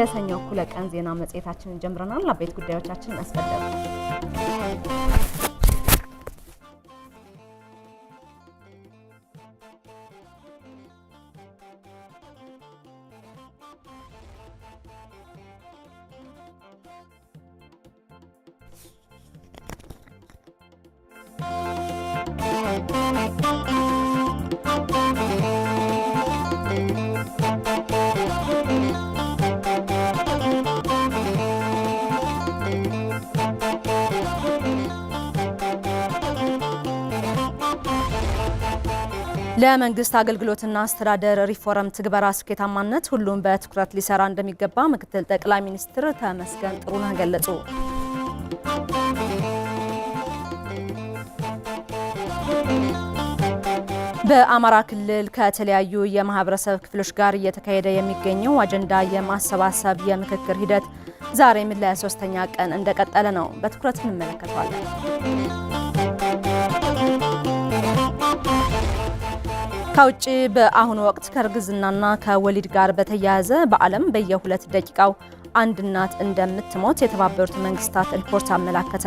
የሰኞ እኩለ ቀን ዜና መጽሔታችንን ጀምረናል። አበይት ጉዳዮቻችንን አስቀደም ለመንግስት አገልግሎትና አስተዳደር ሪፎርም ትግበራ ስኬታማነት ሁሉም በትኩረት ሊሰራ እንደሚገባ ምክትል ጠቅላይ ሚኒስትር ተመስገን ጥሩነህ ገለጹ። በአማራ ክልል ከተለያዩ የማህበረሰብ ክፍሎች ጋር እየተካሄደ የሚገኘው አጀንዳ የማሰባሰብ የምክክር ሂደት ዛሬም ለሶስተኛ ቀን እንደቀጠለ ነው። በትኩረት እንመለከተዋለን። ከውጭ በአሁኑ ወቅት ከእርግዝናና ከወሊድ ጋር በተያያዘ በዓለም በየሁለት ደቂቃው አንድ እናት እንደምትሞት የተባበሩት መንግስታት ሪፖርት አመላከተ።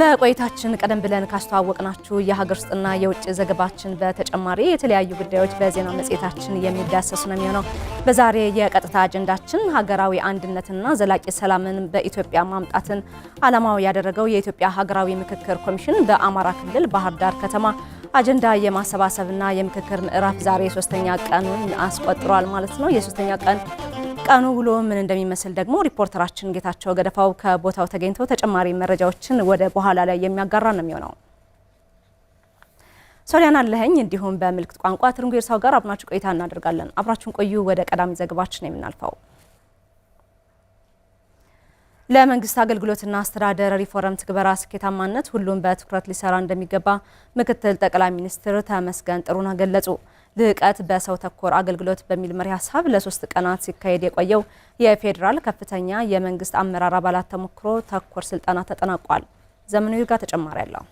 በቆይታችን ቀደም ብለን ካስተዋወቅናችሁ የሀገር ውስጥና የውጭ ዘገባችን በተጨማሪ የተለያዩ ጉዳዮች በዜና መጽሔታችን የሚዳሰሱ ነው የሚሆነው። በዛሬ የቀጥታ አጀንዳችን ሀገራዊ አንድነትና ዘላቂ ሰላምን በኢትዮጵያ ማምጣትን ዓላማው ያደረገው የኢትዮጵያ ሀገራዊ ምክክር ኮሚሽን በአማራ ክልል ባህር ዳር ከተማ አጀንዳ የማሰባሰብና የምክክር ምዕራፍ ዛሬ ሶስተኛ ቀኑን አስቆጥሯል ማለት ነው። የሶስተኛ ቀን ቀኑ ውሎ ምን እንደሚመስል ደግሞ ሪፖርተራችን ጌታቸው ገደፋው ከቦታው ተገኝቶ ተጨማሪ መረጃዎችን ወደ በኋላ ላይ የሚያጋራ ነው የሚሆነው። ሶሊያና አለኸኝ እንዲሁም በምልክት ቋንቋ ትርንጉ ጋር አብናችሁ ቆይታ እናደርጋለን። አብራችሁን ቆዩ። ወደ ቀዳሚ ዘግባችን የምናልፈው ለመንግስት አገልግሎትና አስተዳደር ሪፎርም ትግበራ ስኬታማነት ሁሉም በትኩረት ሊሰራ እንደሚገባ ምክትል ጠቅላይ ሚኒስትር ተመስገን ጥሩነህ ገለጹ። ልዕቀት በሰው ተኮር አገልግሎት በሚል መሪ ሀሳብ ለሶስት ቀናት ሲካሄድ የቆየው የፌዴራል ከፍተኛ የመንግስት አመራር አባላት ተሞክሮ ተኮር ስልጠና ተጠናቋል። ዘመኑ ይርጋ ተጨማሪ አለው።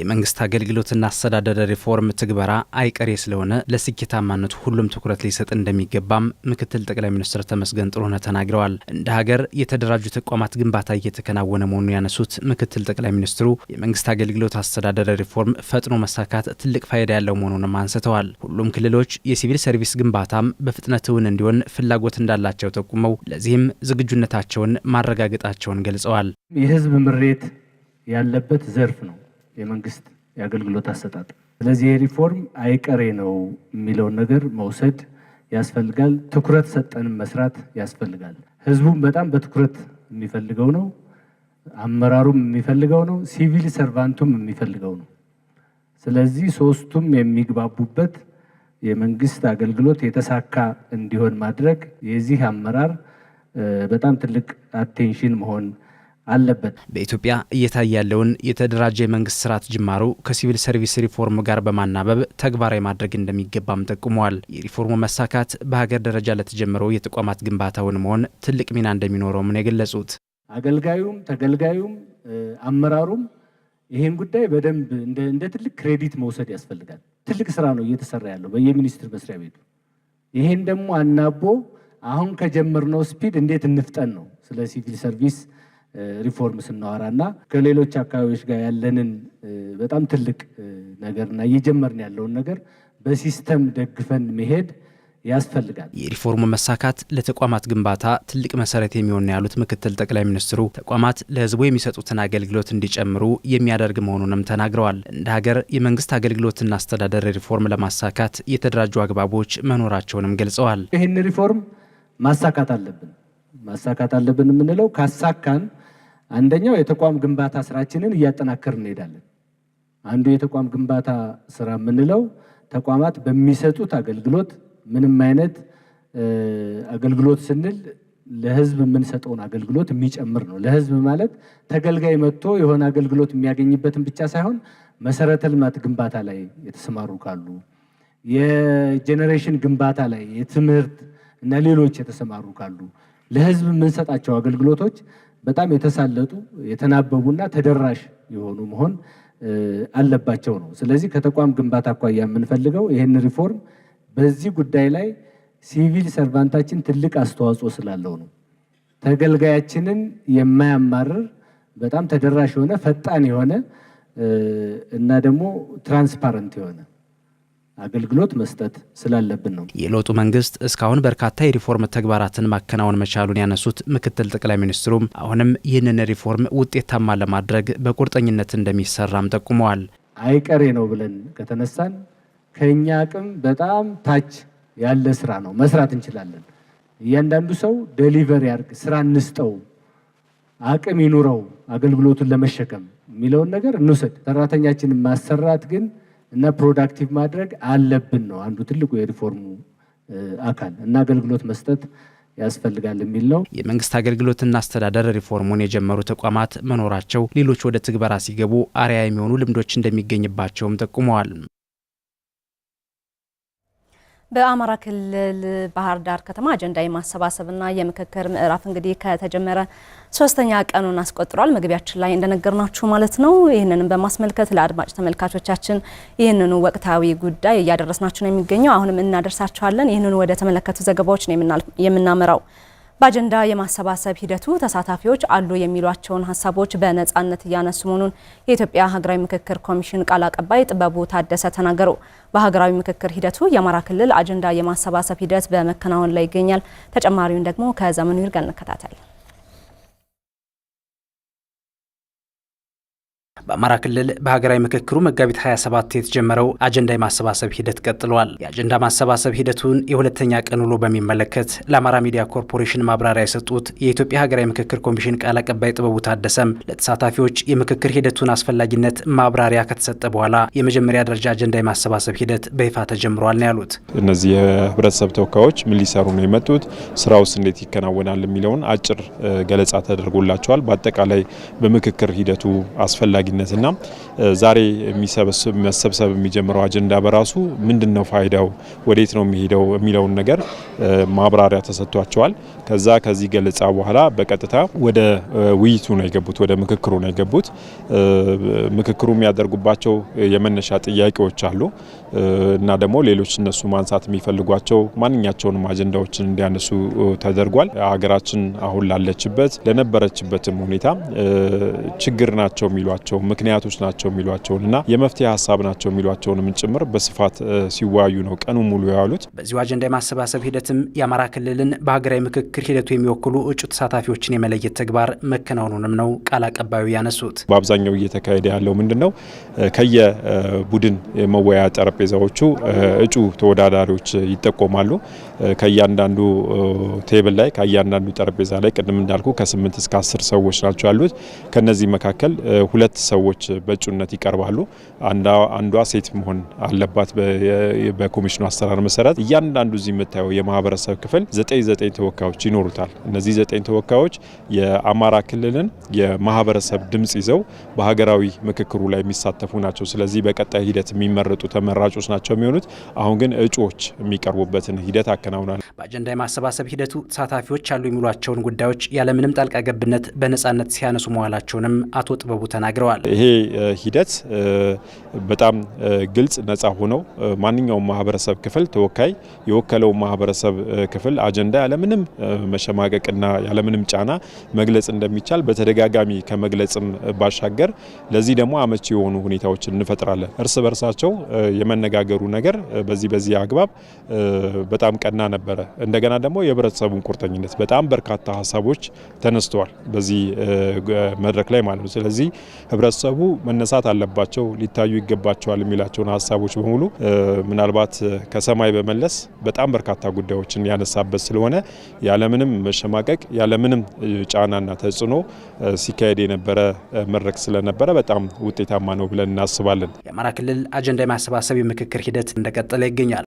የመንግስት አገልግሎትና አስተዳደር ሪፎርም ትግበራ አይቀሬ ስለሆነ ለስኬታማነቱ ሁሉም ትኩረት ሊሰጥ እንደሚገባም ምክትል ጠቅላይ ሚኒስትር ተመስገን ጥሩነህ ተናግረዋል። እንደ ሀገር የተደራጁ ተቋማት ግንባታ እየተከናወነ መሆኑን ያነሱት ምክትል ጠቅላይ ሚኒስትሩ የመንግስት አገልግሎት አስተዳደር ሪፎርም ፈጥኖ መሳካት ትልቅ ፋይዳ ያለው መሆኑንም አንስተዋል። ሁሉም ክልሎች የሲቪል ሰርቪስ ግንባታም በፍጥነት እውን እንዲሆን ፍላጎት እንዳላቸው ጠቁመው ለዚህም ዝግጁነታቸውን ማረጋገጣቸውን ገልጸዋል። የህዝብ ምሬት ያለበት ዘርፍ ነው። የመንግስት የአገልግሎት አሰጣጥ። ስለዚህ የሪፎርም አይቀሬ ነው የሚለውን ነገር መውሰድ ያስፈልጋል። ትኩረት ሰጠንም መስራት ያስፈልጋል። ህዝቡም በጣም በትኩረት የሚፈልገው ነው። አመራሩም የሚፈልገው ነው። ሲቪል ሰርቫንቱም የሚፈልገው ነው። ስለዚህ ሶስቱም የሚግባቡበት የመንግስት አገልግሎት የተሳካ እንዲሆን ማድረግ የዚህ አመራር በጣም ትልቅ አቴንሽን መሆን አለበት። በኢትዮጵያ እየታየ ያለውን የተደራጀ የመንግስት ስርዓት ጅማሮ ከሲቪል ሰርቪስ ሪፎርም ጋር በማናበብ ተግባራዊ ማድረግ እንደሚገባም ጠቁመዋል። የሪፎርሙ መሳካት በሀገር ደረጃ ለተጀመረው የተቋማት ግንባታውን መሆን ትልቅ ሚና እንደሚኖረውም ነው የገለጹት። አገልጋዩም ተገልጋዩም አመራሩም ይህን ጉዳይ በደንብ እንደ ትልቅ ክሬዲት መውሰድ ያስፈልጋል። ትልቅ ስራ ነው እየተሰራ ያለው በየሚኒስትር መስሪያ ቤቱ። ይሄን ደግሞ አናቦ አሁን ከጀመርነው ስፒድ እንዴት እንፍጠን ነው ስለ ሲቪል ሰርቪስ ሪፎርም ስናወራ እና ከሌሎች አካባቢዎች ጋር ያለንን በጣም ትልቅ ነገር እና እየጀመርን ያለውን ነገር በሲስተም ደግፈን መሄድ ያስፈልጋል። የሪፎርሙ መሳካት ለተቋማት ግንባታ ትልቅ መሰረት የሚሆን ያሉት ምክትል ጠቅላይ ሚኒስትሩ ተቋማት ለሕዝቡ የሚሰጡትን አገልግሎት እንዲጨምሩ የሚያደርግ መሆኑንም ተናግረዋል። እንደ ሀገር የመንግስት አገልግሎትና አስተዳደር ሪፎርም ለማሳካት የተደራጁ አግባቦች መኖራቸውንም ገልጸዋል። ይህን ሪፎርም ማሳካት አለብን ማሳካት አለብን የምንለው ካሳካን አንደኛው የተቋም ግንባታ ስራችንን እያጠናከር እንሄዳለን። አንዱ የተቋም ግንባታ ስራ የምንለው ተቋማት በሚሰጡት አገልግሎት ምንም አይነት አገልግሎት ስንል ለህዝብ የምንሰጠውን አገልግሎት የሚጨምር ነው። ለህዝብ ማለት ተገልጋይ መጥቶ የሆነ አገልግሎት የሚያገኝበትን ብቻ ሳይሆን መሰረተ ልማት ግንባታ ላይ የተሰማሩ ካሉ፣ የጄኔሬሽን ግንባታ ላይ፣ የትምህርት እና ሌሎች የተሰማሩ ካሉ ለህዝብ የምንሰጣቸው አገልግሎቶች በጣም የተሳለጡ የተናበቡና ተደራሽ የሆኑ መሆን አለባቸው ነው። ስለዚህ ከተቋም ግንባታ አኳያ የምንፈልገው ይህን ሪፎርም በዚህ ጉዳይ ላይ ሲቪል ሰርቫንታችን ትልቅ አስተዋጽኦ ስላለው ነው። ተገልጋያችንን የማያማርር በጣም ተደራሽ የሆነ ፈጣን የሆነ እና ደግሞ ትራንስፓረንት የሆነ አገልግሎት መስጠት ስላለብን ነው። የለውጡ መንግስት እስካሁን በርካታ የሪፎርም ተግባራትን ማከናወን መቻሉን ያነሱት ምክትል ጠቅላይ ሚኒስትሩም አሁንም ይህንን ሪፎርም ውጤታማ ለማድረግ በቁርጠኝነት እንደሚሰራም ጠቁመዋል። አይቀሬ ነው ብለን ከተነሳን ከእኛ አቅም በጣም ታች ያለ ስራ ነው መስራት እንችላለን። እያንዳንዱ ሰው ደሊቨሪ ያርግ፣ ስራ እንስጠው፣ አቅም ይኑረው አገልግሎቱን ለመሸከም የሚለውን ነገር እንውሰድ። ሰራተኛችንን ማሰራት ግን እና ፕሮዳክቲቭ ማድረግ አለብን ነው አንዱ ትልቁ የሪፎርሙ አካል እና አገልግሎት መስጠት ያስፈልጋል የሚል ነው። የመንግስት አገልግሎትና አስተዳደር ሪፎርሙን የጀመሩ ተቋማት መኖራቸው ሌሎች ወደ ትግበራ ሲገቡ አርያ የሚሆኑ ልምዶች እንደሚገኝባቸውም ጠቁመዋል። በአማራ ክልል ባህር ዳር ከተማ አጀንዳ የማሰባሰብና የምክክር ምዕራፍ እንግዲህ ከተጀመረ ሶስተኛ ቀኑን አስቆጥሯል። መግቢያችን ላይ እንደነገርናችሁ ማለት ነው። ይህንንም በማስመልከት ለአድማጭ ተመልካቾቻችን ይህንኑ ወቅታዊ ጉዳይ እያደረስናችሁ ነው የሚገኘው። አሁንም እናደርሳችኋለን። ይህንኑ ወደ ተመለከቱ ዘገባዎች ነው የምናመራው። በአጀንዳ የማሰባሰብ ሂደቱ ተሳታፊዎች አሉ የሚሏቸውን ሀሳቦች በነጻነት እያነሱ መሆኑን የኢትዮጵያ ሀገራዊ ምክክር ኮሚሽን ቃል አቀባይ ጥበቡ ታደሰ ተናገሩ። በሀገራዊ ምክክር ሂደቱ የአማራ ክልል አጀንዳ የማሰባሰብ ሂደት በመከናወን ላይ ይገኛል። ተጨማሪውን ደግሞ ከዘመኑ ይርጋ እንከታተል። በአማራ ክልል በሀገራዊ ምክክሩ መጋቢት 27 የተጀመረው አጀንዳ የማሰባሰብ ሂደት ቀጥሏል። የአጀንዳ ማሰባሰብ ሂደቱን የሁለተኛ ቀን ውሎ በሚመለከት ለአማራ ሚዲያ ኮርፖሬሽን ማብራሪያ የሰጡት የኢትዮጵያ ሀገራዊ ምክክር ኮሚሽን ቃል አቀባይ ጥበቡ ታደሰም ለተሳታፊዎች የምክክር ሂደቱን አስፈላጊነት ማብራሪያ ከተሰጠ በኋላ የመጀመሪያ ደረጃ አጀንዳ የማሰባሰብ ሂደት በይፋ ተጀምሯል ነው ያሉት። እነዚህ የህብረተሰብ ተወካዮች ምን ሊሰሩ ነው የመጡት፣ ስራውስ እንዴት ይከናወናል የሚለውን አጭር ገለጻ ተደርጎላቸዋል። በአጠቃላይ በምክክር ሂደቱ አስፈላጊ ተጠያቂነትና ዛሬ መሰብሰብ የሚጀምረው አጀንዳ በራሱ ምንድን ነው ፋይዳው፣ ወዴት ነው የሚሄደው የሚለውን ነገር ማብራሪያ ተሰጥቷቸዋል። ከዛ ከዚህ ገለጻ በኋላ በቀጥታ ወደ ውይይቱ ነው የገቡት፣ ወደ ምክክሩ ነው የገቡት። ምክክሩ የሚያደርጉባቸው የመነሻ ጥያቄዎች አሉ። እና ደግሞ ሌሎች እነሱ ማንሳት የሚፈልጓቸው ማንኛቸውንም አጀንዳዎችን እንዲያነሱ ተደርጓል። ሀገራችን አሁን ላለችበት ለነበረችበትም ሁኔታ ችግር ናቸው የሚሏቸው ምክንያቶች ናቸው የሚሏቸውን እና የመፍትሄ ሀሳብ ናቸው የሚሏቸውንም ጭምር በስፋት ሲወያዩ ነው ቀኑ ሙሉ ያሉት። በዚሁ አጀንዳ የማሰባሰብ ሂደትም የአማራ ክልልን በሀገራዊ ምክክር ሂደቱ የሚወክሉ እጩ ተሳታፊዎችን የመለየት ተግባር መከናወኑንም ነው ቃል አቀባዩ ያነሱት። በአብዛኛው እየተካሄደ ያለው ምንድን ነው ከየቡድን መወያያ ጠረጴ ጠረጴዛዎቹ እጩ ተወዳዳሪዎች ይጠቆማሉ። ከእያንዳንዱ ቴብል ላይ ከእያንዳንዱ ጠረጴዛ ላይ ቅድም እንዳልኩ ከስምንት እስከ አስር ሰዎች ናቸው ያሉት። ከነዚህ መካከል ሁለት ሰዎች በእጩነት ይቀርባሉ። አንዷ ሴት መሆን አለባት። በኮሚሽኑ አሰራር መሰረት እያንዳንዱ እዚህ የምታየው የማህበረሰብ ክፍል ዘጠኝ ዘጠኝ ተወካዮች ይኖሩታል። እነዚህ ዘጠኝ ተወካዮች የአማራ ክልልን የማህበረሰብ ድምጽ ይዘው በሀገራዊ ምክክሩ ላይ የሚሳተፉ ናቸው። ስለዚህ በቀጣይ ሂደት የሚመረጡ ተመራጮች ናቸው የሚሆኑት። አሁን ግን እጩዎች የሚቀርቡበትን ሂደት ያከናውናል። በአጀንዳ የማሰባሰብ ሂደቱ ተሳታፊዎች አሉ የሚሏቸውን ጉዳዮች ያለምንም ጣልቃ ገብነት በነጻነት ሲያነሱ መዋላቸውንም አቶ ጥበቡ ተናግረዋል። ይሄ ሂደት በጣም ግልጽ፣ ነጻ ሆነው ማንኛውም ማህበረሰብ ክፍል ተወካይ የወከለው ማህበረሰብ ክፍል አጀንዳ ያለምንም መሸማቀቅና ያለምንም ጫና መግለጽ እንደሚቻል በተደጋጋሚ ከመግለጽም ባሻገር ለዚህ ደግሞ አመቺ የሆኑ ሁኔታዎችን እንፈጥራለን። እርስ በርሳቸው የመነጋገሩ ነገር በዚህ በዚህ አግባብ በጣም ቀ ቀና ነበረ። እንደገና ደግሞ የህብረተሰቡን ቁርጠኝነት በጣም በርካታ ሀሳቦች ተነስተዋል በዚህ መድረክ ላይ ማለት ነው። ስለዚህ ህብረተሰቡ መነሳት አለባቸው፣ ሊታዩ ይገባቸዋል የሚላቸውን ሀሳቦች በሙሉ ምናልባት ከሰማይ በመለስ በጣም በርካታ ጉዳዮችን ያነሳበት ስለሆነ ያለምንም መሸማቀቅ ያለምንም ጫናና ተጽዕኖ ሲካሄድ የነበረ መድረክ ስለነበረ በጣም ውጤታማ ነው ብለን እናስባለን። የአማራ ክልል አጀንዳ የማሰባሰብ የምክክር ሂደት እንደቀጠለ ይገኛል።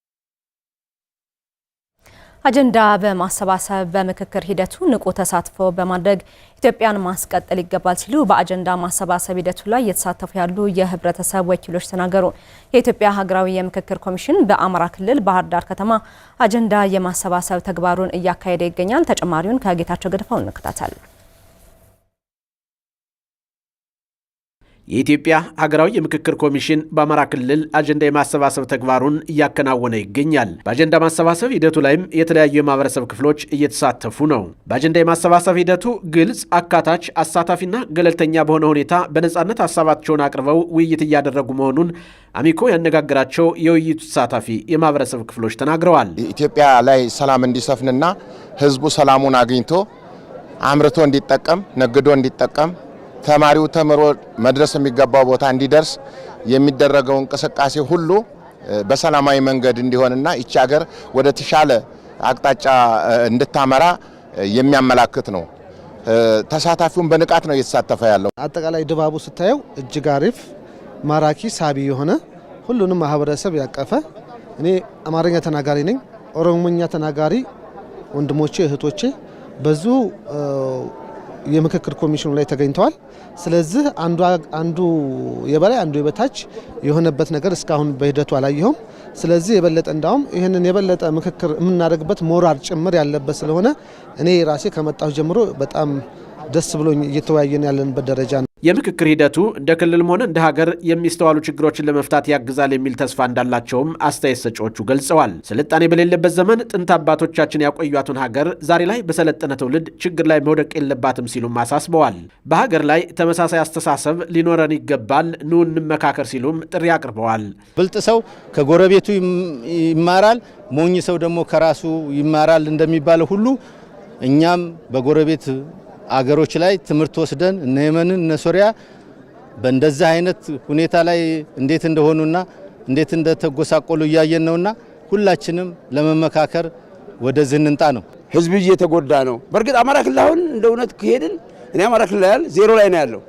አጀንዳ በማሰባሰብ በምክክር ሂደቱ ንቁ ተሳትፎ በማድረግ ኢትዮጵያን ማስቀጠል ይገባል ሲሉ በአጀንዳ ማሰባሰብ ሂደቱ ላይ እየተሳተፉ ያሉ የህብረተሰብ ወኪሎች ተናገሩ። የኢትዮጵያ ሀገራዊ የምክክር ኮሚሽን በአማራ ክልል ባህር ዳር ከተማ አጀንዳ የማሰባሰብ ተግባሩን እያካሄደ ይገኛል። ተጨማሪውን ከጌታቸው ገድፈው እንከታተል። የኢትዮጵያ ሀገራዊ የምክክር ኮሚሽን በአማራ ክልል አጀንዳ የማሰባሰብ ተግባሩን እያከናወነ ይገኛል። በአጀንዳ ማሰባሰብ ሂደቱ ላይም የተለያዩ የማህበረሰብ ክፍሎች እየተሳተፉ ነው። በአጀንዳ የማሰባሰብ ሂደቱ ግልጽ፣ አካታች፣ አሳታፊና ገለልተኛ በሆነ ሁኔታ በነጻነት ሀሳባቸውን አቅርበው ውይይት እያደረጉ መሆኑን አሚኮ ያነጋገራቸው የውይይቱ ተሳታፊ የማህበረሰብ ክፍሎች ተናግረዋል። ኢትዮጵያ ላይ ሰላም እንዲሰፍንና ህዝቡ ሰላሙን አግኝቶ አምርቶ እንዲጠቀም፣ ነግዶ እንዲጠቀም ተማሪው ተምሮ መድረስ የሚገባው ቦታ እንዲደርስ የሚደረገው እንቅስቃሴ ሁሉ በሰላማዊ መንገድ እንዲሆንና ይቺ ሀገር ወደ ተሻለ አቅጣጫ እንድታመራ የሚያመላክት ነው። ተሳታፊውን በንቃት ነው እየተሳተፈ ያለው። አጠቃላይ ድባቡ ስታየው እጅግ አሪፍ፣ ማራኪ፣ ሳቢ የሆነ ሁሉንም ማህበረሰብ ያቀፈ እኔ አማርኛ ተናጋሪ ነኝ። ኦሮሞኛ ተናጋሪ ወንድሞቼ እህቶቼ ብዙ የምክክር ኮሚሽኑ ላይ ተገኝተዋል። ስለዚህ አንዱ የበላይ አንዱ የበታች የሆነበት ነገር እስካሁን በሂደቱ አላየሁም። ስለዚህ የበለጠ እንዳውም ይህንን የበለጠ ምክክር የምናደርግበት ሞራል ጭምር ያለበት ስለሆነ እኔ ራሴ ከመጣሁ ጀምሮ በጣም ደስ ብሎኝ እየተወያየን ያለንበት ደረጃ ነው። የምክክር ሂደቱ እንደ ክልልም ሆነ እንደ ሀገር የሚስተዋሉ ችግሮችን ለመፍታት ያግዛል የሚል ተስፋ እንዳላቸውም አስተያየት ሰጪዎቹ ገልጸዋል። ስልጣኔ በሌለበት ዘመን ጥንት አባቶቻችን ያቆዩትን ሀገር ዛሬ ላይ በሰለጠነ ትውልድ ችግር ላይ መውደቅ የለባትም ሲሉም አሳስበዋል። በሀገር ላይ ተመሳሳይ አስተሳሰብ ሊኖረን ይገባል፣ ኑ እንመካከር ሲሉም ጥሪ አቅርበዋል። ብልጥ ሰው ከጎረቤቱ ይማራል፣ ሞኝ ሰው ደግሞ ከራሱ ይማራል እንደሚባለው ሁሉ እኛም በጎረቤት አገሮች ላይ ትምህርት ወስደን እነ የመንን እነ ሶሪያ በእንደዚህ አይነት ሁኔታ ላይ እንዴት እንደሆኑና እንዴት እንደተጎሳቆሉ እያየን ነውና ሁላችንም ለመመካከር ወደዚህ እንንጣ ነው። ህዝብ እየተጎዳ ነው። በእርግጥ አማራ ክልል አሁን እንደ እውነት ከሄድን እኔ አማራ ክልል ያል ዜሮ ላይ ነው ያለው።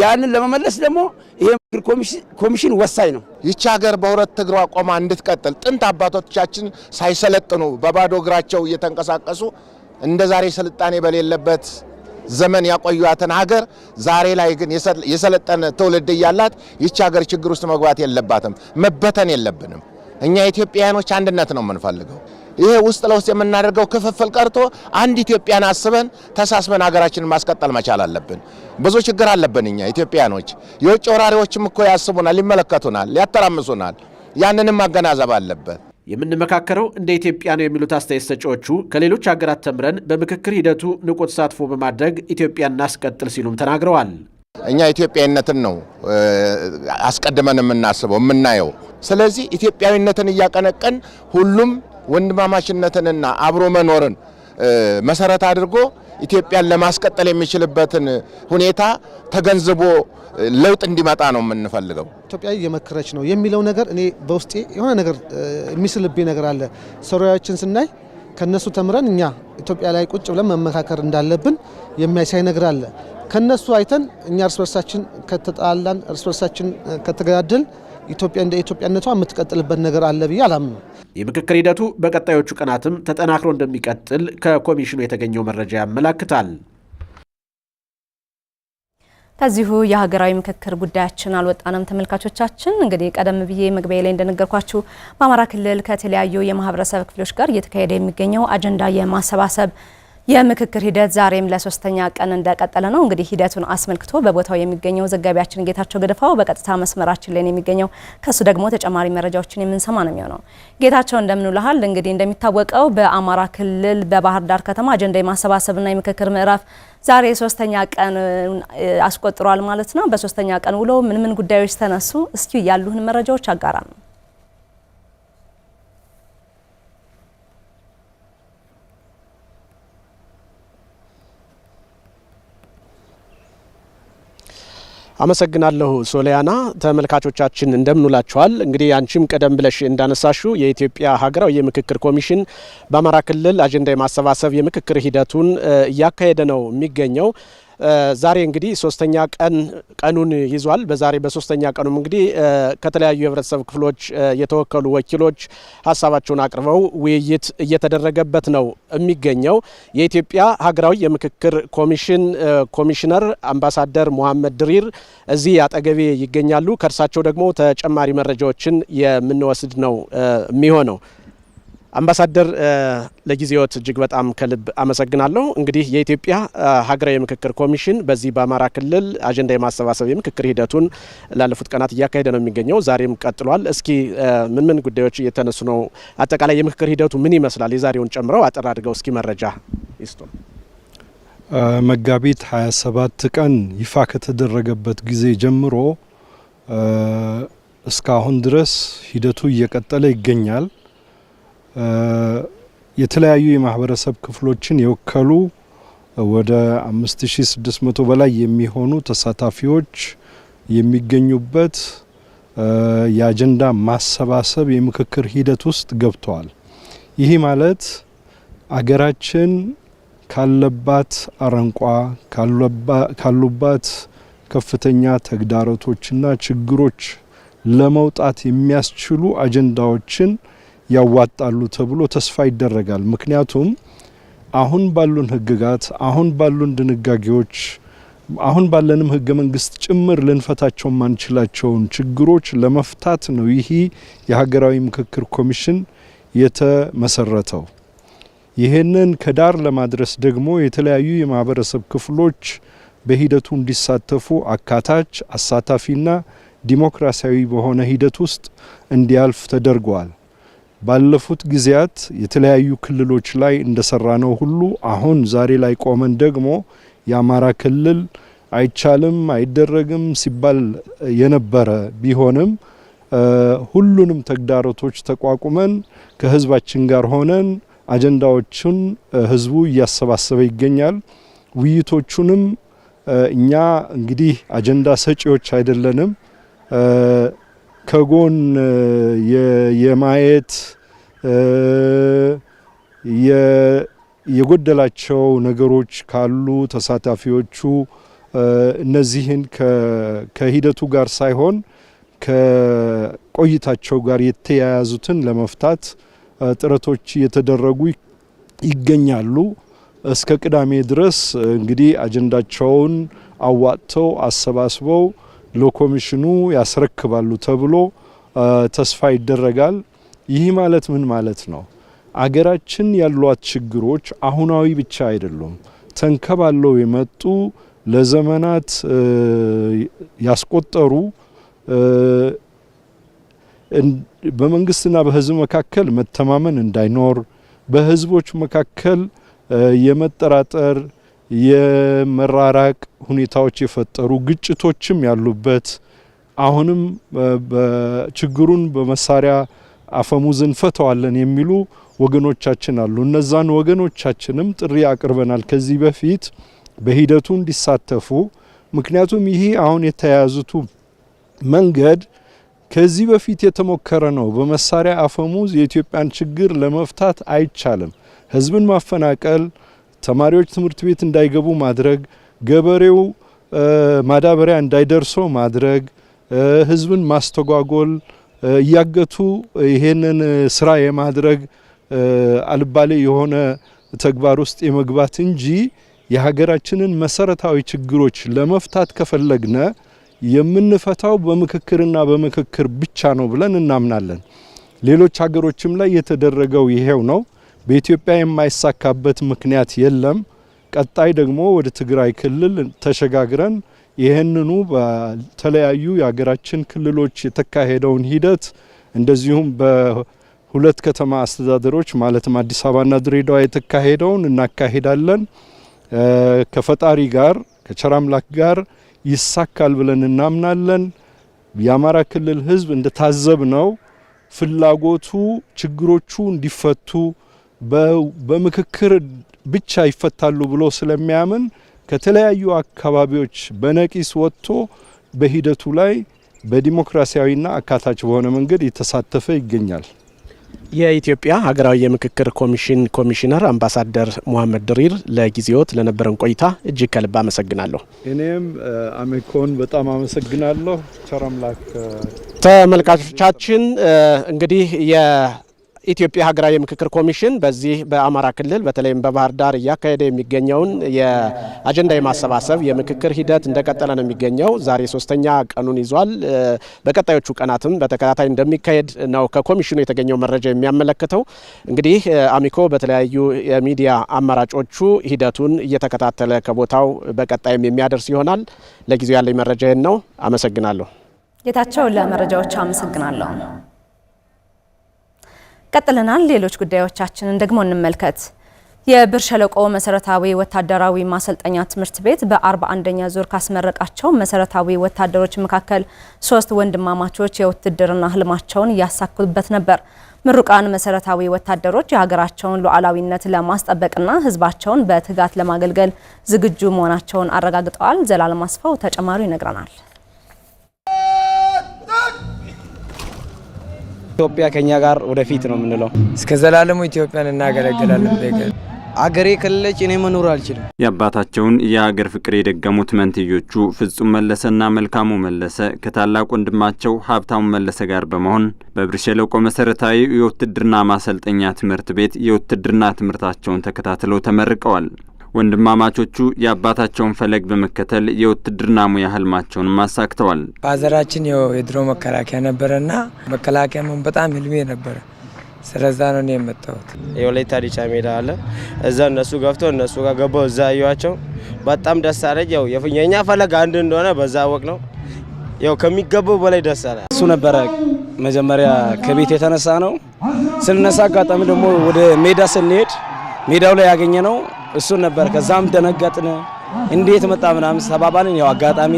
ያንን ለመመለስ ደግሞ ይሄ ምክር ኮሚሽን ወሳኝ ነው። ይቺ ሀገር በሁለት እግሯ ቆማ እንድትቀጥል ጥንት አባቶቻችን ሳይሰለጥኑ በባዶ እግራቸው እየተንቀሳቀሱ እንደ ዛሬ ስልጣኔ በሌለበት ዘመን ያቆዩትን ሀገር ዛሬ ላይ ግን የሰለጠነ ትውልድ እያላት ይቺ ሀገር ችግር ውስጥ መግባት የለባትም። መበተን የለብንም። እኛ ኢትዮጵያውያኖች አንድነት ነው የምንፈልገው። ይሄ ውስጥ ለውስጥ የምናደርገው ክፍፍል ቀርቶ አንድ ኢትዮጵያን አስበን ተሳስበን ሀገራችንን ማስቀጠል መቻል አለብን። ብዙ ችግር አለብን እኛ ኢትዮጵያኖች። የውጭ ወራሪዎችም እኮ ያስቡናል፣ ይመለከቱናል፣ ያተራምሱናል። ያንንም ማገናዘብ አለበት። የምንመካከረው እንደ ኢትዮጵያ ነው የሚሉት አስተያየት ሰጪዎቹ ከሌሎች ሀገራት ተምረን በምክክር ሂደቱ ንቁ ተሳትፎ በማድረግ ኢትዮጵያን እናስቀጥል ሲሉም ተናግረዋል። እኛ ኢትዮጵያዊነትን ነው አስቀድመን የምናስበው የምናየው። ስለዚህ ኢትዮጵያዊነትን እያቀነቀን ሁሉም ወንድማማችነትንና አብሮ መኖርን መሰረት አድርጎ ኢትዮጵያን ለማስቀጠል የሚችልበትን ሁኔታ ተገንዝቦ ለውጥ እንዲመጣ ነው የምንፈልገው። ኢትዮጵያ እየመከረች ነው የሚለው ነገር እኔ በውስጤ የሆነ ነገር የሚስልብኝ ነገር አለ። ሶሪያዎችን ስናይ ከነሱ ተምረን እኛ ኢትዮጵያ ላይ ቁጭ ብለን መመካከር እንዳለብን የሚያሳይ ነገር አለ። ከነሱ አይተን እኛ እርስ በርሳችን ከተጣላን እርስ በርሳችን ከተገዳደል ኢትዮጵያ እንደ ኢትዮጵያነቷ የምትቀጥልበት ነገር አለ ብዬ አላምንም። የምክክር ሂደቱ በቀጣዮቹ ቀናትም ተጠናክሮ እንደሚቀጥል ከኮሚሽኑ የተገኘው መረጃ ያመላክታል። ከዚሁ የሀገራዊ ምክክር ጉዳያችን አልወጣንም ተመልካቾቻችን። እንግዲህ ቀደም ብዬ መግቢያ ላይ እንደነገርኳችሁ በአማራ ክልል ከተለያዩ የማህበረሰብ ክፍሎች ጋር እየተካሄደ የሚገኘው አጀንዳ የማሰባሰብ የምክክር ሂደት ዛሬም ለሶስተኛ ቀን እንደቀጠለ ነው። እንግዲህ ሂደቱን አስመልክቶ በቦታው የሚገኘው ዘጋቢያችን ጌታቸው ገድፋው በቀጥታ መስመራችን ላይ የሚገኘው። ከሱ ደግሞ ተጨማሪ መረጃዎችን የምንሰማ ነው የሚሆነው። ጌታቸው እንደምንውልሃል። እንግዲህ እንደሚታወቀው በአማራ ክልል በባህር ዳር ከተማ አጀንዳ የማሰባሰብና የምክክር ምዕራፍ ዛሬ ሶስተኛ ቀን አስቆጥሯል ማለት ነው። በሶስተኛ ቀን ውሎ ምን ምን ጉዳዮች ተነሱ? እስኪ ያሉህን መረጃዎች አጋራ ነው አመሰግናለሁ ሶሊያና። ተመልካቾቻችን እንደምንውላችኋል። እንግዲህ አንቺም ቀደም ብለሽ እንዳነሳሹ የኢትዮጵያ ሀገራዊ የምክክር ኮሚሽን በአማራ ክልል አጀንዳ የማሰባሰብ የምክክር ሂደቱን እያካሄደ ነው የሚገኘው። ዛሬ እንግዲህ ሶስተኛ ቀን ቀኑን ይዟል። በዛሬ በሶስተኛ ቀኑም እንግዲህ ከተለያዩ የህብረተሰብ ክፍሎች የተወከሉ ወኪሎች ሀሳባቸውን አቅርበው ውይይት እየተደረገበት ነው የሚገኘው። የኢትዮጵያ ሀገራዊ የምክክር ኮሚሽን ኮሚሽነር አምባሳደር ሞሐመድ ድሪር እዚህ አጠገቤ ይገኛሉ። ከእርሳቸው ደግሞ ተጨማሪ መረጃዎችን የምንወስድ ነው የሚሆነው። አምባሳደር ለጊዜዎት እጅግ በጣም ከልብ አመሰግናለሁ። እንግዲህ የኢትዮጵያ ሀገራዊ ምክክር ኮሚሽን በዚህ በአማራ ክልል አጀንዳ የማሰባሰብ የምክክር ሂደቱን ላለፉት ቀናት እያካሄደ ነው የሚገኘው፣ ዛሬም ቀጥሏል። እስኪ ምን ምን ጉዳዮች እየተነሱ ነው? አጠቃላይ የምክክር ሂደቱ ምን ይመስላል? የዛሬውን ጨምረው አጠር አድርገው እስኪ መረጃ ይስጡን። መጋቢት 27 ቀን ይፋ ከተደረገበት ጊዜ ጀምሮ እስካሁን ድረስ ሂደቱ እየቀጠለ ይገኛል። የተለያዩ የማህበረሰብ ክፍሎችን የወከሉ ወደ 5600 በላይ የሚሆኑ ተሳታፊዎች የሚገኙበት የአጀንዳ ማሰባሰብ የምክክር ሂደት ውስጥ ገብተዋል። ይህ ማለት አገራችን ካለባት አረንቋ ካሉባት ከፍተኛ ተግዳሮቶችና ችግሮች ለመውጣት የሚያስችሉ አጀንዳዎችን ያዋጣሉ ተብሎ ተስፋ ይደረጋል። ምክንያቱም አሁን ባሉን ህግጋት፣ አሁን ባሉን ድንጋጌዎች፣ አሁን ባለንም ህገ መንግስት ጭምር ልንፈታቸው ማንችላቸውን ችግሮች ለመፍታት ነው ይህ የሀገራዊ ምክክር ኮሚሽን የተመሰረተው። ይህንን ከዳር ለማድረስ ደግሞ የተለያዩ የማህበረሰብ ክፍሎች በሂደቱ እንዲሳተፉ አካታች አሳታፊና ዲሞክራሲያዊ በሆነ ሂደት ውስጥ እንዲያልፍ ተደርጓል። ባለፉት ጊዜያት የተለያዩ ክልሎች ላይ እንደሰራ ነው ሁሉ አሁን ዛሬ ላይ ቆመን ደግሞ የአማራ ክልል አይቻልም አይደረግም ሲባል የነበረ ቢሆንም ሁሉንም ተግዳሮቶች ተቋቁመን ከህዝባችን ጋር ሆነን አጀንዳዎቹን ህዝቡ እያሰባሰበ ይገኛል። ውይይቶቹንም እኛ እንግዲህ አጀንዳ ሰጪዎች አይደለንም። ከጎን የማየት የጎደላቸው ነገሮች ካሉ ተሳታፊዎቹ እነዚህን ከሂደቱ ጋር ሳይሆን ከቆይታቸው ጋር የተያያዙትን ለመፍታት ጥረቶች እየተደረጉ ይገኛሉ። እስከ ቅዳሜ ድረስ እንግዲህ አጀንዳቸውን አዋጥተው አሰባስበው ለኮሚሽኑ ያስረክባሉ ተብሎ ተስፋ ይደረጋል። ይህ ማለት ምን ማለት ነው? አገራችን ያሏት ችግሮች አሁናዊ ብቻ አይደሉም። ተንከባለው የመጡ ለዘመናት ያስቆጠሩ በመንግስትና በህዝብ መካከል መተማመን እንዳይኖር፣ በህዝቦች መካከል የመጠራጠር የመራራቅ ሁኔታዎች የፈጠሩ ግጭቶችም ያሉበት አሁንም ችግሩን በመሳሪያ አፈሙዝ እንፈተዋለን የሚሉ ወገኖቻችን አሉ። እነዛን ወገኖቻችንም ጥሪ አቅርበናል ከዚህ በፊት በሂደቱ እንዲሳተፉ። ምክንያቱም ይሄ አሁን የተያያዙቱ መንገድ ከዚህ በፊት የተሞከረ ነው። በመሳሪያ አፈሙዝ የኢትዮጵያን ችግር ለመፍታት አይቻልም። ህዝብን ማፈናቀል ተማሪዎች ትምህርት ቤት እንዳይገቡ ማድረግ፣ ገበሬው ማዳበሪያ እንዳይደርሰው ማድረግ፣ ህዝብን ማስተጓጎል እያገቱ ይሄንን ስራ የማድረግ አልባሌ የሆነ ተግባር ውስጥ የመግባት እንጂ የሀገራችንን መሰረታዊ ችግሮች ለመፍታት ከፈለግነ የምንፈታው በምክክርና በምክክር ብቻ ነው ብለን እናምናለን። ሌሎች ሀገሮችም ላይ የተደረገው ይሄው ነው። በኢትዮጵያ የማይሳካበት ምክንያት የለም። ቀጣይ ደግሞ ወደ ትግራይ ክልል ተሸጋግረን ይህንኑ በተለያዩ የሀገራችን ክልሎች የተካሄደውን ሂደት እንደዚሁም በሁለት ከተማ አስተዳደሮች ማለትም አዲስ አበባና ድሬዳዋ የተካሄደውን እናካሄዳለን። ከፈጣሪ ጋር ከቸር አምላክ ጋር ይሳካል ብለን እናምናለን። የአማራ ክልል ሕዝብ እንደታዘብ ነው ፍላጎቱ ችግሮቹ እንዲፈቱ በምክክር ብቻ ይፈታሉ ብሎ ስለሚያምን ከተለያዩ አካባቢዎች በነቂስ ወጥቶ በሂደቱ ላይ በዲሞክራሲያዊና አካታች በሆነ መንገድ የተሳተፈ ይገኛል። የኢትዮጵያ ሀገራዊ የምክክር ኮሚሽን ኮሚሽነር አምባሳደር ሙሐመድ ድሪር ለጊዜዎት ለነበረን ቆይታ እጅግ ከልብ አመሰግናለሁ። እኔም አሜኮን በጣም አመሰግናለሁ። ቸር አምላክ ተመልካቾቻችን እንግዲህ ኢትዮጵያ ሀገራዊ የምክክር ኮሚሽን በዚህ በአማራ ክልል በተለይም በባህር ዳር እያካሄደ የሚገኘውን የአጀንዳ የማሰባሰብ የምክክር ሂደት እንደቀጠለ ነው የሚገኘው። ዛሬ ሶስተኛ ቀኑን ይዟል። በቀጣዮቹ ቀናትም በተከታታይ እንደሚካሄድ ነው ከኮሚሽኑ የተገኘው መረጃ የሚያመለክተው። እንግዲህ አሚኮ በተለያዩ የሚዲያ አማራጮቹ ሂደቱን እየተከታተለ ከቦታው በቀጣይም የሚያደርስ ይሆናል። ለጊዜው ያለኝ መረጃ ይህን ነው። አመሰግናለሁ። ጌታቸው፣ ለመረጃዎች አመሰግናለሁ። ቀጥለናል። ሌሎች ጉዳዮቻችንን ደግሞ እንመልከት። የብር ሸለቆ መሰረታዊ ወታደራዊ ማሰልጠኛ ትምህርት ቤት በ41ኛ ዙር ካስመረቃቸው መሰረታዊ ወታደሮች መካከል ሶስት ወንድማማቾች የውትድርና ህልማቸውን እያሳኩበት ነበር። ምሩቃን መሰረታዊ ወታደሮች የሀገራቸውን ሉዓላዊነት ለማስጠበቅና ህዝባቸውን በትጋት ለማገልገል ዝግጁ መሆናቸውን አረጋግጠዋል። ዘላለም አስፋው ተጨማሪ ይነግረናል። ኢትዮጵያ ከኛ ጋር ወደፊት ነው የምንለው። እስከ ዘላለሙ ኢትዮጵያን እናገለግላለን። አገሬ ከሌለች እኔ መኖር አልችልም። የአባታቸውን የአገር ፍቅር የደገሙት መንትዮቹ ፍጹም መለሰና መልካሙ መለሰ ከታላቅ ወንድማቸው ሀብታሙ መለሰ ጋር በመሆን በብር መሰረታዊ የውትድርና ማሰልጠኛ ትምህርት ቤት የውትድርና ትምህርታቸውን ተከታትለው ተመርቀዋል። ወንድማማቾቹ የአባታቸውን ፈለግ በመከተል የውትድርና ሙያ ህልማቸውን አሳክተዋል። በሀዘራችን የድሮ መከላከያ ነበረና መከላከያ መሆን በጣም ህልሜ ነበረ። ስለዛ ነው እኔ የመጣሁት። የወላይታ ዲቻ ሜዳ አለ እዛ እነሱ ገብቶ እነሱ ጋር ገባው እዛ አየኋቸው። በጣም ደስ አለኝ። ያው የኛ ፈለግ አንድ እንደሆነ በዛ አወቅ ነው። ያው ከሚገባው በላይ ደስ አለ። እሱ ነበረ መጀመሪያ ከቤት የተነሳ ነው። ስንነሳ አጋጣሚ ደግሞ ወደ ሜዳ ስንሄድ ሜዳው ላይ ያገኘ ነው እሱን ነበር። ከዛም ደነገጥን፣ እንዴት መጣ ምናምን ተባባልን። ያው አጋጣሚ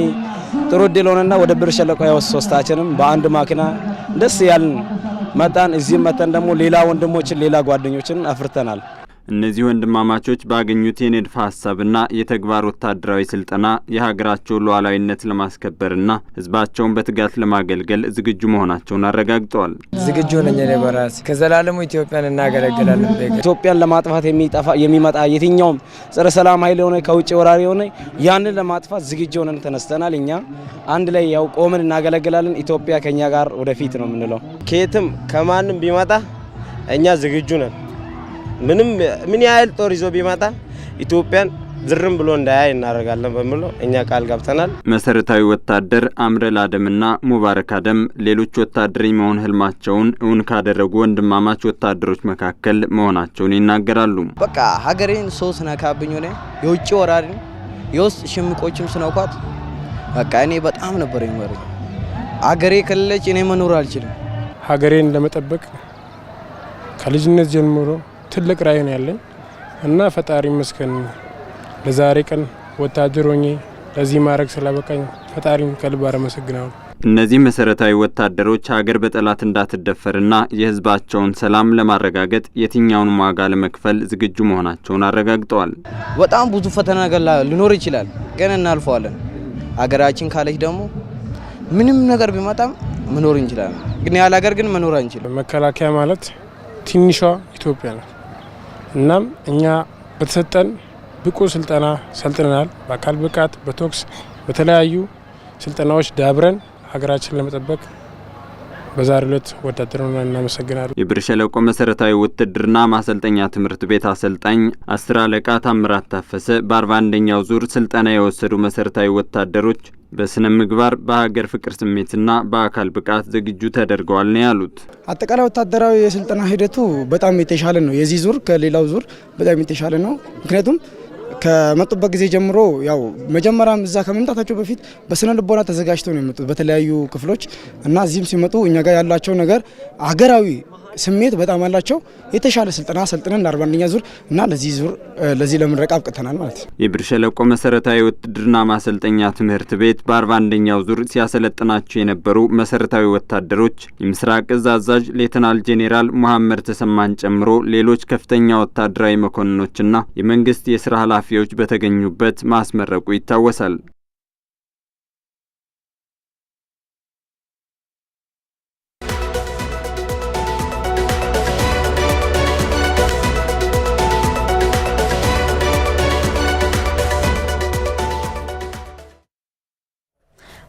ጥሩ እድል ሆነና ወደ ብር ሸለቆ ያው ሶስታችንም በአንድ ማኪና ደስ ያልን መጣን። እዚህም መተን ደግሞ ሌላ ወንድሞችን ሌላ ጓደኞችን አፍርተናል። እነዚህ ወንድማማቾች ባገኙት የንድፈ ሀሳብና የተግባር ወታደራዊ ስልጠና የሀገራቸውን ሉዓላዊነት ለማስከበርና ህዝባቸውን በትጋት ለማገልገል ዝግጁ መሆናቸውን አረጋግጠዋል። ዝግጁ ነኝ እኔ በራሴ ከዘላለሙ ኢትዮጵያን እናገለግላለን። ኢትዮጵያን ለማጥፋት የሚመጣ የትኛውም ጸረ ሰላም ኃይል የሆነ ከውጭ ወራሪ የሆነ ያንን ለማጥፋት ዝግጁ ሆነን ተነስተናል። እኛ አንድ ላይ ያው ቆምን እናገለግላለን። ኢትዮጵያ ከኛ ጋር ወደፊት ነው የምንለው። ከየትም ከማንም ቢመጣ እኛ ዝግጁ ነን። ምንም ምን ያህል ጦር ይዞ ቢመጣ ኢትዮጵያን ዝርም ብሎ እንዳያይ እናደርጋለን በሚል እኛ ቃል ገብተናል። መሰረታዊ ወታደር አምረል አደምና ሙባረክ አደም ሌሎች ወታደረኝ መሆን ህልማቸውን እውን ካደረጉ ወንድማማች ወታደሮች መካከል መሆናቸውን ይናገራሉ። በቃ ሀገሬን ሰው ነካብኝ ሆነ የውጭ ወራሪ የውስጥ ሽምቆችም ስነኳት በቃ እኔ በጣም ነበር ይመር ሀገሬ ከሌለች እኔ መኖር አልችልም። ሀገሬን ለመጠበቅ ከልጅነት ጀምሮ ትልቅ ራዕይ ነው ያለኝ እና ፈጣሪ ይመስገን ለዛሬ ቀን ወታደር ሆኜ ለዚህ ማድረግ ስላበቃኝ ፈጣሪም ከልብ አመሰግናለሁ። እነዚህ መሰረታዊ ወታደሮች ሀገር በጠላት እንዳትደፈርና የሕዝባቸውን ሰላም ለማረጋገጥ የትኛውን ዋጋ ለመክፈል ዝግጁ መሆናቸውን አረጋግጠዋል። በጣም ብዙ ፈተና ነገር ሊኖር ይችላል፣ ግን እናልፈዋለን። ሀገራችን ካለች ደግሞ ምንም ነገር ቢመጣም መኖር እንችላለን። ግን ያለ ሀገር ግን መኖር አንችልም። መከላከያ ማለት ትንሿ ኢትዮጵያ ናት። እናም እኛ በተሰጠን ብቁ ስልጠና ሰልጥነናል። በአካል ብቃት፣ በቶክስ በተለያዩ ስልጠናዎች ዳብረን ሀገራችን ለመጠበቅ በዛሬው ዕለት ወታደሩን እናመሰግናለን። የብር ሸለቆ መሰረታዊ ውትድርና ማሰልጠኛ ትምህርት ቤት አሰልጣኝ አስር አለቃ ታምራት ታፈሰ በአርባ አንደኛው ዙር ስልጠና የወሰዱ መሰረታዊ ወታደሮች በስነ ምግባር በሀገር ፍቅር ስሜትና በአካል ብቃት ዝግጁ ተደርገዋል ነው ያሉት። አጠቃላይ ወታደራዊ የስልጠና ሂደቱ በጣም የተሻለ ነው። የዚህ ዙር ከሌላው ዙር በጣም የተሻለ ነው። ምክንያቱም ከመጡበት ጊዜ ጀምሮ ያው መጀመሪያም እዛ ከመምጣታቸው በፊት በስነ ልቦና ተዘጋጅተው ነው የመጡት በተለያዩ ክፍሎች እና እዚህም ሲመጡ እኛ ጋር ያላቸው ነገር አገራዊ ስሜት በጣም አላቸው። የተሻለ ስልጠና ሰልጥነን አርባንደኛ ዙር እና ለዚህ ዙር ለዚህ ለምረቃ አብቅተናል ማለት ነው። የብር ሸለቆ መሰረታዊ ውትድርና ማሰልጠኛ ትምህርት ቤት በአርባ አንደኛው ዙር ሲያሰለጥናቸው የነበሩ መሰረታዊ ወታደሮች የምስራቅ እዝ አዛዥ ሌተናል ጄኔራል መሐመድ ተሰማን ጨምሮ ሌሎች ከፍተኛ ወታደራዊ መኮንኖችና የመንግስት የስራ ኃላፊዎች በተገኙበት ማስመረቁ ይታወሳል።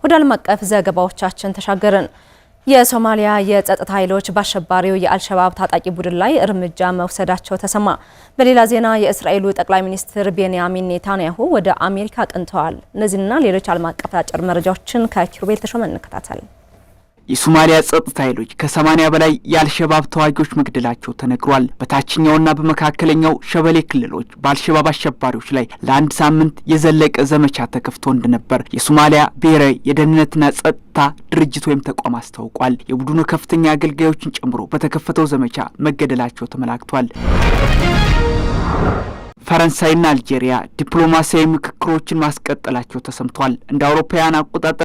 ወደ ዓለም አቀፍ ዘገባዎቻችን ተሻገርን። የሶማሊያ የጸጥታ ኃይሎች በአሸባሪው የአልሸባብ ታጣቂ ቡድን ላይ እርምጃ መውሰዳቸው ተሰማ። በሌላ ዜና የእስራኤሉ ጠቅላይ ሚኒስትር ቤንያሚን ኔታንያሁ ወደ አሜሪካ አቅንተዋል። እነዚህና ሌሎች ዓለም አቀፍ አጭር መረጃዎችን ከኪሩቤል ተሾመ እንከታተል። የሶማሊያ ጸጥታ ኃይሎች ከሰማኒያ በላይ የአልሸባብ ተዋጊዎች መግደላቸው ተነግሯል። በታችኛውና በመካከለኛው ሸበሌ ክልሎች በአልሸባብ አሸባሪዎች ላይ ለአንድ ሳምንት የዘለቀ ዘመቻ ተከፍቶ እንደነበር የሶማሊያ ብሔራዊ የደህንነትና ጸጥታ ድርጅት ወይም ተቋም አስታውቋል። የቡድኑ ከፍተኛ አገልጋዮችን ጨምሮ በተከፈተው ዘመቻ መገደላቸው ተመላክቷል። ፈረንሳይና አልጄሪያ ዲፕሎማሲያዊ ምክክሮችን ማስቀጠላቸው ተሰምቷል። እንደ አውሮፓውያን አቆጣጠር